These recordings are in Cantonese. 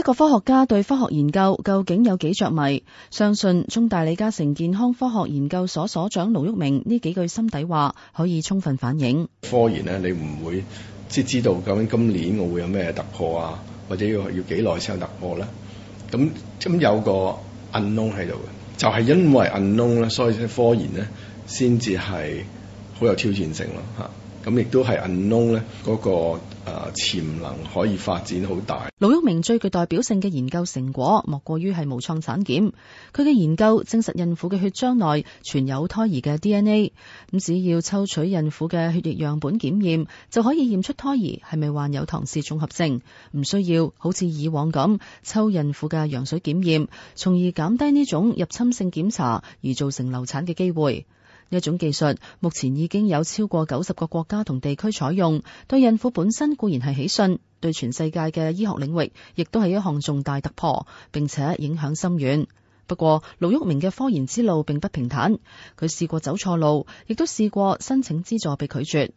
一個科學家對科學研究究竟有幾着迷？相信中大李嘉誠健康科學研究所所長盧煜明呢幾句心底話可以充分反映。科研咧，你唔會即係知道究竟今年我會有咩突破啊，或者要要幾耐先有突破咧？咁咁有個 unknown 喺度嘅，就係、是、因為 unknown 咧，所以咧科研咧先至係好有挑戰性咯。吓，咁亦都係 unknown 咧、那、嗰個。潛能可以發展好大。盧煜明最具代表性嘅研究成果，莫過於係無創產檢。佢嘅研究證實孕婦嘅血漿內存有胎兒嘅 DNA。咁只要抽取孕婦嘅血液樣本檢驗，就可以驗出胎兒係咪患有唐氏綜合症，唔需要好似以往咁抽孕婦嘅羊水檢驗，從而減低呢種入侵性檢查而造成流產嘅機會。一種技術目前已經有超過九十個國家同地區採用，對孕婦本身固然係喜訊，對全世界嘅醫學領域亦都係一項重大突破，並且影響深遠。不過，盧煜明嘅科研之路並不平坦，佢試過走錯路，亦都試過申請資助被拒絕。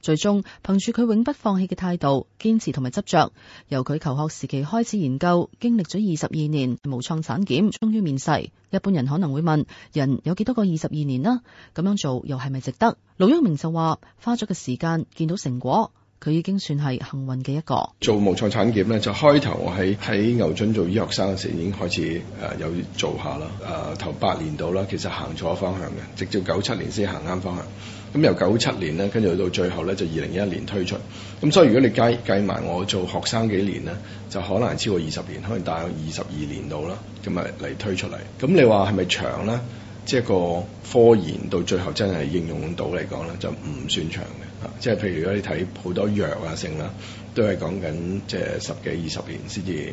最終憑住佢永不放棄嘅態度，堅持同埋執着，由佢求學時期開始研究，經歷咗二十二年無創產檢，終於面世。一般人可能會問：人有幾多個二十二年啊？咁樣做又係咪值得？盧煜明就話：花咗嘅時間見到成果。佢已經算係幸運嘅一個做無創產檢咧，就開頭我喺喺牛津做醫學生嘅時已經開始有做下啦，啊，頭八年度啦，其實行錯方向嘅，直至九七年先行啱方向。咁，嗯、由九七年咧，跟住去到最後咧就二零一一年推出。咁，嗯、所以如果你計計埋我做學生幾年咧，就可能超過二十年，可能大約二十二年度啦，咁咪嚟推出嚟。咁，嗯、你話係咪長咧？即係個科研到最後真係應用到嚟講咧，就唔算長嘅。即係譬如如果你睇好多藥啊，剩啦，都係講緊即係十幾二十年先至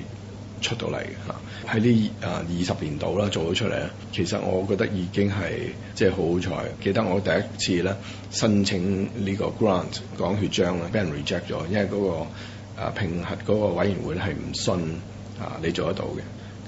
出到嚟嚇。喺呢啊二十年度啦，做咗出嚟咧，其實我覺得已經係即係好好彩。記得我第一次咧申請呢個 grant 講血漿咧，俾人 reject 咗，因為嗰個啊評核嗰個委員會係唔信啊你做得到嘅。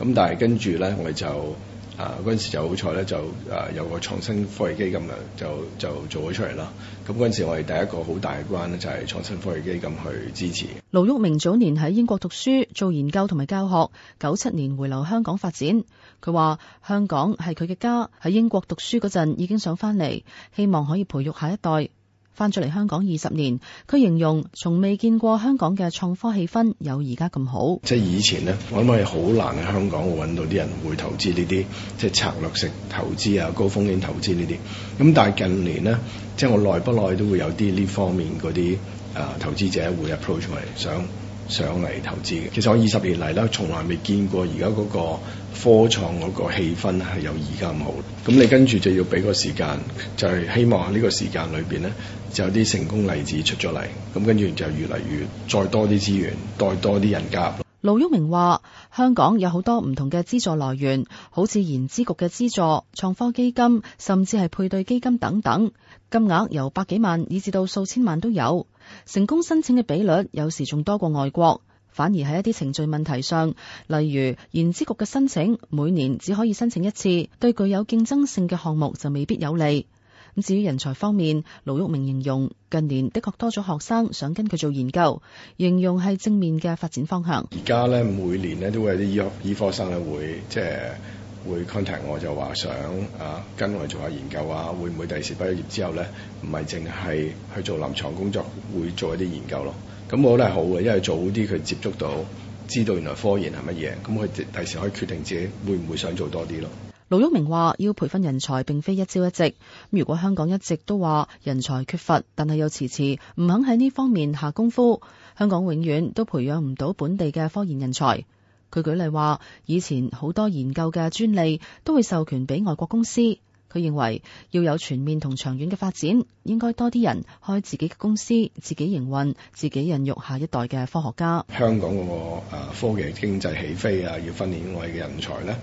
咁但係跟住咧，我哋就。啊！嗰時就好彩咧，就啊有個創新科技基金就就做咗出嚟啦。咁嗰時，我哋第一個好大嘅關咧，就係創新科技基金去支持。盧煜明早年喺英國讀書做研究同埋教學，九七年回流香港發展。佢話：香港係佢嘅家，喺英國讀書嗰陣已經想翻嚟，希望可以培育下一代。翻咗嚟香港二十年，佢形容從未見過香港嘅創科氣氛有而家咁好。即係以前咧，我諗係好難喺香港揾到啲人會投資呢啲即係策略性投資啊、高風險投資呢啲。咁但係近年咧，即係我耐不耐都會有啲呢方面嗰啲啊投資者會 approach 我嚟想上嚟投資嘅。其實我二十年嚟咧，從來未見過而家嗰個。科創嗰個氣氛係有而家咁好，咁你跟住就要俾個時間，就係希望喺呢個時間裏邊呢，就有啲成功例子出咗嚟，咁跟住就越嚟越再多啲資源，再多啲人加入。盧煜明話：香港有好多唔同嘅資助來源，好似研資局嘅資助、創科基金，甚至係配對基金等等，金額由百幾萬以至到數千萬都有，成功申請嘅比率有時仲多過外國。反而喺一啲程序問題上，例如研資局嘅申請，每年只可以申請一次，對具有競爭性嘅項目就未必有利。咁至於人才方面，盧煜明形容近年的確多咗學生想跟佢做研究，形容係正面嘅發展方向。而家咧，每年咧，都會有啲醫學醫科生咧會即係會 contact 我，就話想啊跟我哋做下研究啊，會唔會第時畢業之後咧，唔係淨係去做臨床工作，會做一啲研究咯。咁我覺得係好嘅，因為早啲佢接觸到，知道原來科研係乜嘢，咁佢第時可以決定自己會唔會想做多啲咯。盧煜明話，要培訓人才，並非一朝一夕。如果香港一直都話人才缺乏，但係又遲遲唔肯喺呢方面下功夫，香港永遠都培養唔到本地嘅科研人才。佢舉例話，以前好多研究嘅專利都會授權俾外國公司。佢認為要有全面同長遠嘅發展，應該多啲人開自己嘅公司，自己營運，自己孕育下一代嘅科學家。香港嗰個誒科技經濟起飛啊，要訓練我哋嘅人才咧，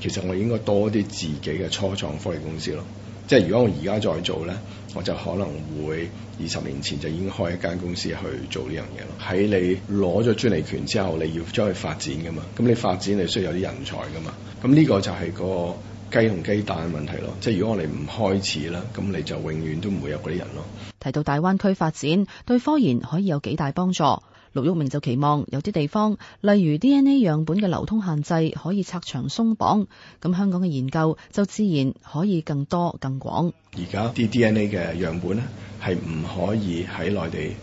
其實我哋應該多啲自己嘅初創科技公司咯。即係如果我而家再做咧，我就可能會二十年前就已經開一間公司去做呢樣嘢咯。喺你攞咗專利權之後，你要再去發展噶嘛。咁你發展你需要有啲人才噶嘛。咁呢個就係、那個。雞同雞蛋嘅問題咯，即係如果我哋唔開始啦，咁你就永遠都唔會有嗰啲人咯。提到大灣區發展對科研可以有幾大幫助，盧煜明就期望有啲地方，例如 DNA 樣本嘅流通限制可以拆牆鬆綁，咁香港嘅研究就自然可以更多更廣。而家啲 DNA 嘅樣本咧，係唔可以喺內地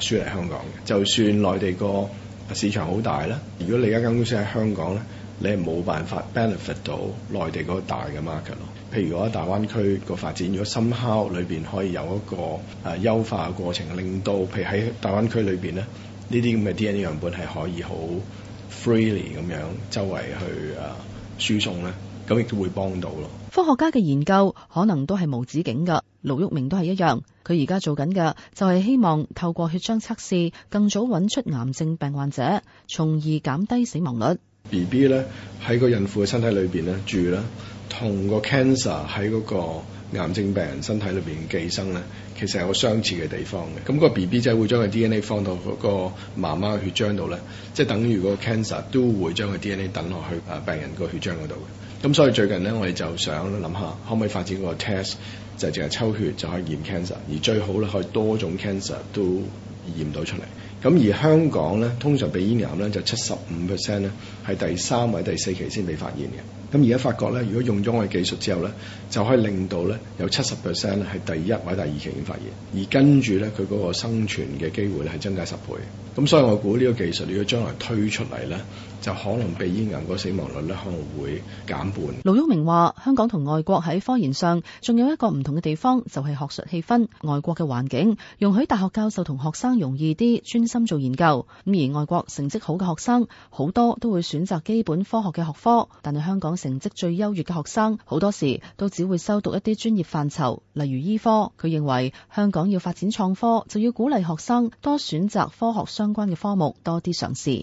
輸嚟香港嘅，就算內地個。市場好大啦！如果你家間公司喺香港咧，你係冇辦法 benefit 到內地嗰個大嘅 market 咯。譬如如果喺大灣區個發展如果 somehow，裏面可以有一個啊優化嘅過程，令到譬如喺大灣區裏面咧，呢啲咁嘅 DNA 樣本係可以好 freely 咁樣周圍去啊輸送咧。咁亦都會幫到咯。科學家嘅研究可能都係無止境噶。盧煜明都係一樣，佢而家做緊嘅就係希望透過血漿測試，更早揾出癌症病患者，從而減低死亡率。B B 咧喺個孕婦嘅身體裏邊咧住啦，同個 cancer 喺嗰個癌症病人身體裏邊寄生咧，其實係個相似嘅地方嘅。咁、那個 B B 仔會將佢 D N A 放到嗰個媽媽嘅血漿度咧，即、就、係、是、等於個 cancer 都會將佢 D N A 等落去、啊、病人個血漿嗰度嘅。咁所以最近咧，我哋就想諗下，可唔可以發展個 test，就係淨係抽血就可以驗 cancer，而最好咧可以多種 cancer 都驗到出嚟。咁而香港咧，通常被咽癌咧就七十五 percent 咧係第三位、第四期先被發現嘅。咁而家發覺咧，如果用咗我哋技術之後咧，就可以令到咧有七十 percent 係第一位、第二期先發現，而跟住咧佢嗰個生存嘅機會咧係增加十倍。咁所以我估呢個技術要將來推出嚟咧。就可能鼻咽癌個死亡率咧，可能會減半。盧煜明話：香港同外國喺科研上仲有一個唔同嘅地方，就係學術氣氛。外國嘅環境容許大學教授同學生容易啲專心做研究。咁而外國成績好嘅學生好多都會選擇基本科學嘅學科，但係香港成績最優越嘅學生好多時都只會修讀一啲專業範疇，例如醫科。佢認為香港要發展創科，就要鼓勵學生多選擇科學相關嘅科目，多啲嘗試。